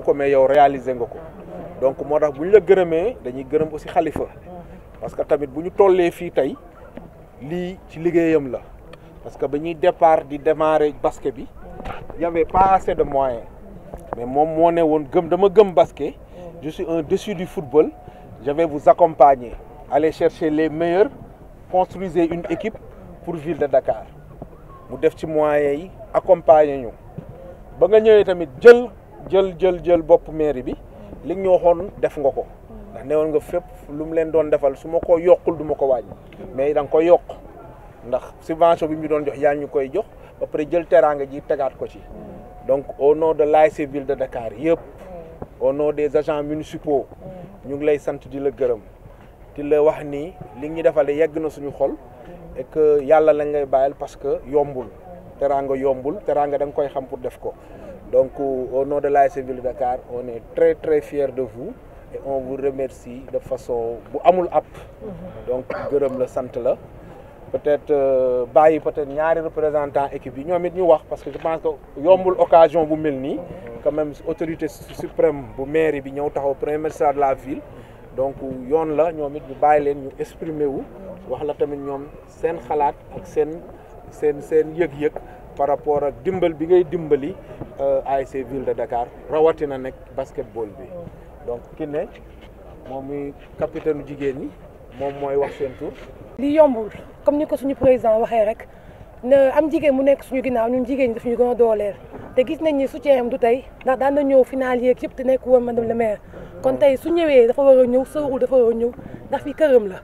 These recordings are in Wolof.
defu ko mais yow réaliser nga ko donc moo tax bu ñu la gërëmee dañuy gërëm aussi xalifa parce que tamit bu ñu tollee fii tey lii ci liggéeyam la parce que ba ñuy départ di démarrer basket bi y avait de moyens mais moom moo ne woon gëm dama gëm basket je un dessus du football je vais vous accompagner aller chercher les meilleurs construisez une équipe pour ville de Dakar mu def ci moyens yi accompagne ñu ba nga ñëwee tamit jël jël jël jël bopp mairie bi li ñu waxoon def nga ko ndax newoon nga fépp lu mu leen doon defal su ma ko yokkul duma ko wàññi mais da nga ko yokk ndax subvention bi ñu doon jox yaa ñu koy jox ba pare jël teraanga ji tegaat ko ci donc au nom de l'ASC ville de Dakar yëpp au nom des agents municipaux ñu ngi lay sant di la gërëm di la wax ni li ñu defale yegg na suñu xol et yàlla la ngay bàyyil parce que yombul teraanga yombul teraanga da nga koy xam pour def ko Donc euh, au de l'ASC Ville Dakar, on est très très fiers de vous et on vous remercie de façon bu amul ab mhm. donc gërëm la sant la peut-être euh, bàyyi peut-être ñaari représentant équipe yi ñoom it ñu wax parce que je pense que yombul occasion bu mel nii mhm. quand même autorité suprême bu mairie bi ñëw taxaw premier magistrat de la ville donc yoon la ñoom it ñu bàyyi leen ñu exprimer wu mhm. wax la tamit ñoom seen xalaat ak seen seen seen yëg-yëg par rapport ak dimbal bi ngay dimbali euh, ASC ville de Dakar rawatina nag basketball bi donc ki ne moom muy capitaine jigéen ñi moom mooy wax seen tur. li yombul comme ni ko suñu président waxee rek na am jigéen mu nekk suñu ginnaaw ñun jigéen ñi daf ñu gën a dooleel te gis nañ ni su am du tey ndax daan na ñëw final yeeg yëpp te nekk woon madame le maire kon tey su ñëwee dafa war a ñëw sóorul dafa war a ñëw ndax fi këram la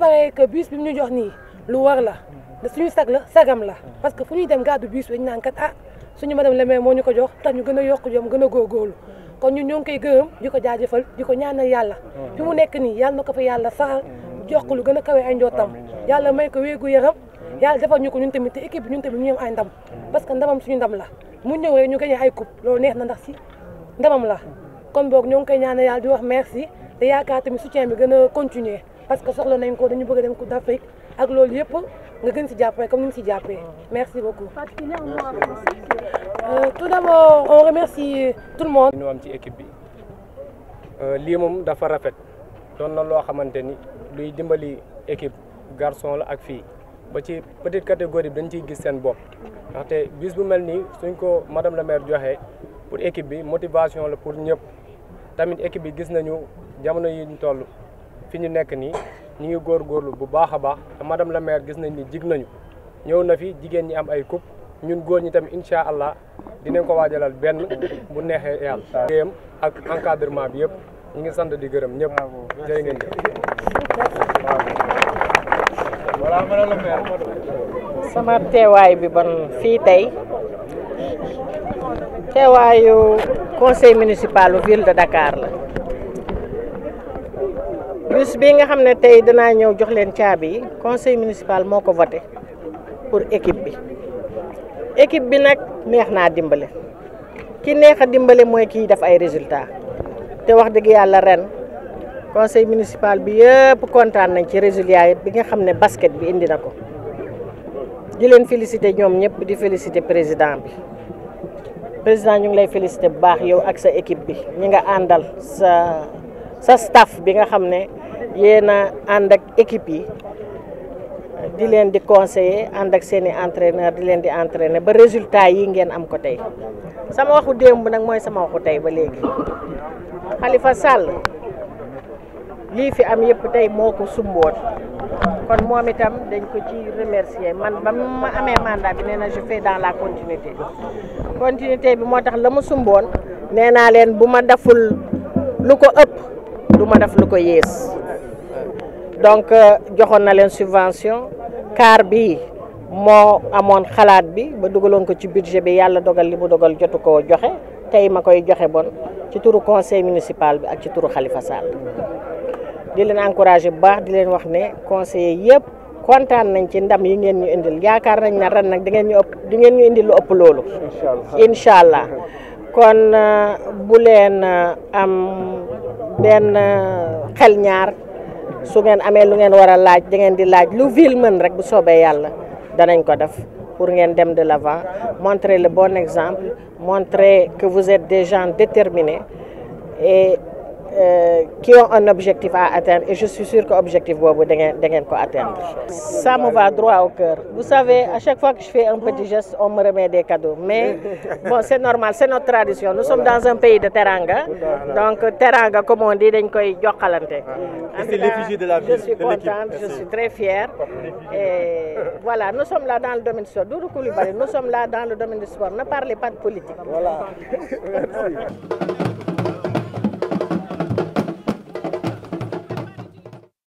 ba bus bi mu ñu jox nii lu war la. da suñu sag la sagam la ah. parce que fu ñuy dem gàddu biis dañu naan kat ah suñu madame le maire moo ñu ko jox tax ñu gën a yokk jom gën a góorgóorlu hmm. kon ñu ñoo ngi koy gërëm di ko jaajëfal di ko ñaanal yàlla hmm. fi mu nekk nii yàlla na ko fa yàlla saxal hmm. jox ko lu gën a kawe ay njottam yàlla may ko wéegu yaram yàlla defal ñu ko ñun tamit te équipe tamit ñu am ndam parce que ndamam suñu ndam la mu ñëw rek ñu gagné ay coupe loolu neex na ndax si ndamam la kon boog ñoo ngi koy ñaanal yàlla di wax merci te yaakaar tamit soutien bi gën a continuer parce que soxla nañ ko dañu bëgg dem coupe d'Afrique ak loolu yëpp nga gën ci jàppale comme ni mu si jàppe mm. merci beaucoup. Euh, tout d'abord on remercie euh, tout le monde. am ci équipe bi euh, lii moom dafa rafet doon na loo xamante ni luy dimbali équipe garson la ak fii ba ci petite catégorie bi dañ ciy gis seen bopp ndaxte bis bu mel ni suñ ko madame la maire joxe pour équipe bi motivation la pour ñëpp tamit équipe bi gis nañu jamono yi ñu toll fi ñu nekk nii. ñu ngi góor góorlu bu baax a baax te madame la maire gis nañ ni jig nañu ñëw na fi jigéen ñi am ay coupe ñun góor ñi tamit incha allah dinañ ko waajalal benn bu neexee yàlla. géeyam ak encadrement bi yëpp ñu ngi sant di gërëm ñëpp. jërë ngeen jëf. sama teewaay bi ban fii tey teewaayu conseil municipal ville de Dakar. bus bi nga xam ne tey danaa ñëw jox leen caabi yi conseil municipal moo ko voté pour équipe bi équipe bi nag neex naa dimbale ki neex a dimbale mooy kiy def ay résultat te wax dëgg yàlla ren conseil municipal bi yëpp kontaan nañ ci résultats yi bi nga xam ne basket bi indi na ko di leen félicité ñoom ñëpp di félicité président bi président ñu ngi lay félicité bu baax yow ak sa équipe bi ñu nga àndal sa. sa staff bi nga xam ne yéen a ànd ak équipe yi di leen di conseiller ànd ak seen i entraîneur di leen di entraîner ba résultat yi ngeen am ko tey sama waxu démb nag mooy sama waxu tey ba léegi Khalifa sàll lii fi am yëpp tey moo ko sumboon kon moom itam dañ ko ci remercier man ba ma amee mandat bi nee na je dans la continuité continuité bi moo tax la mu sumboon nee leen bu ma deful lu ko ëpp du ma def lu ko yées donc euh, joxoon na leen subvention car bi moo amoon xalaat bi ba dugaloon ko ci budget bi yàlla dogal li mu dogal jotu ko joxe tey ma koy joxe bon ci turu conseil municipal bi ak ci turu xalifa Sall di leen encouragé bu baax di leen wax ne conseillers yëpp kontaan nañ ci ndam yi ngeen ñu indil yaakaar nañ na ren nag di ngeen ñu ëpp di ngeen ñu indil lu ëpp loolu incha allah kon euh, bu leen euh, am benn euh, xel ñaar su ngeen amee lu ngeen war a laaj da ngeen di laaj lu ville mën rek bu soobee yàlla danañ ko def pour ngeen dem de l'avant montrer le bon exemple montrer que vous êtes des gens déterminés et Euh, qui ont un objectif à atteindre et je suis sûre que l'objectif atteindre. Oh, Ça me va droit au cœur. Vous savez, à chaque fois que je un petit geste, on me remet des Mais bon, c'est normal, c'est notre tradition. Nous sommes dans un pays de teranga. Donc teranga, comme on dit, c'est l'effigie de la ville. Je suis contente, je suis très fière. Et voilà, nous sommes là dans le domaine du sport. nous sommes là dans le domaine du sport. Ne parlez pas de politique. Voilà.